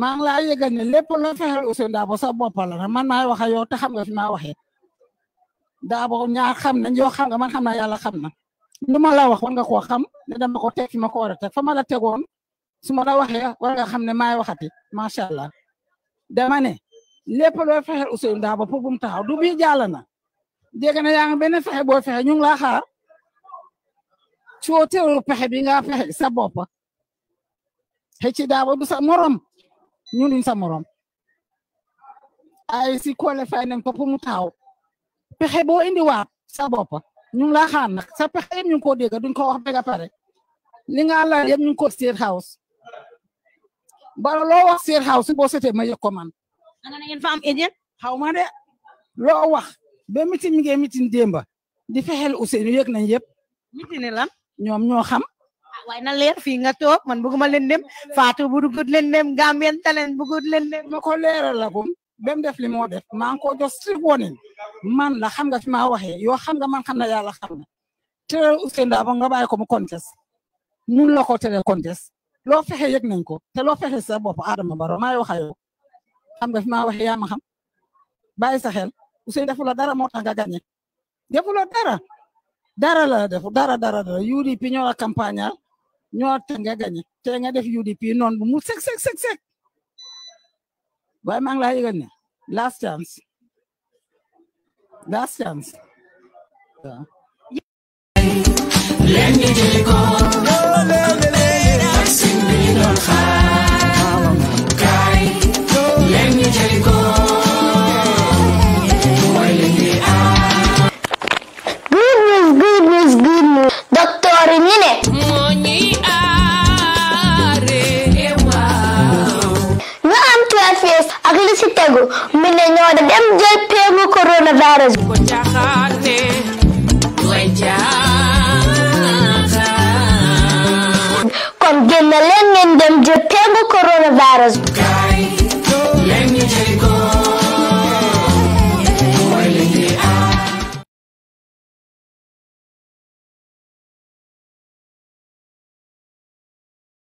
maa ngi laa yëgal ne lépp loo fexeel Ousainou man maay wax ak yow te xam nga fi maa waxee Darboe ñaar xam nañ yoo xam nga man xam naa yàlla xam na lu ma laa wax war nga koo xam ne dama ko teg fi ma ko war a teg fa man a tegoon su ma la waxee war nga xam ne maay waxati macha allah dama ne lépp loo fexeel Ousainou Darboe pour bu mu taxaw du bii jàll na dégg na yaa ngi benn fexe boo fexe ñu ngi laa xaar soo pexe bi nga fexe sa bopp xëcc du sa morom. ñun duñ sa morom ay si qualifié nañ ko pour mu taaw pexe boo indi waat sa bopp ñu ngi laa xaar nag sa pexe ñu koo dégg duñ ko wax ba pare li nga la yëpp ñu ngi ko state house ba loo wax state house boo seetee ma yëg ko man. nga ne xaw ma de loo wax ba meeting mi ngi meeting démba di fexeel Ousseynou yëg nañ yëpp. meeting lan ñoom xam. waaye na leer fii nga toog man bëgguma leen dem Fatou bu dugut leen dem Gambian Talents bëggut leen dem ma ko leeral la gum bem def li moo def maa ngi ko jox strict warning man la xam nga fi ma waxee yoo xam nga man xam na yàlla xam na tereel Ousainou Darboe nga bayi ko mu contest mun la ko tereel contest loo fexe yëg nañ ko te loo fexe sa bopp Adama Barrow maay wax ak yow xam nga fi ma waxee yaa ma xam sa xel Ousainou defu la dara moo tax nga gagné defu la dara dara la defu dara dara dara UDP ñoo te nga te nga def UDP noonu bu mu sek sek sek sek waaye maa ngi laa yëgal last chance last chance se pego, menina, mesmo de pego o coronavírus.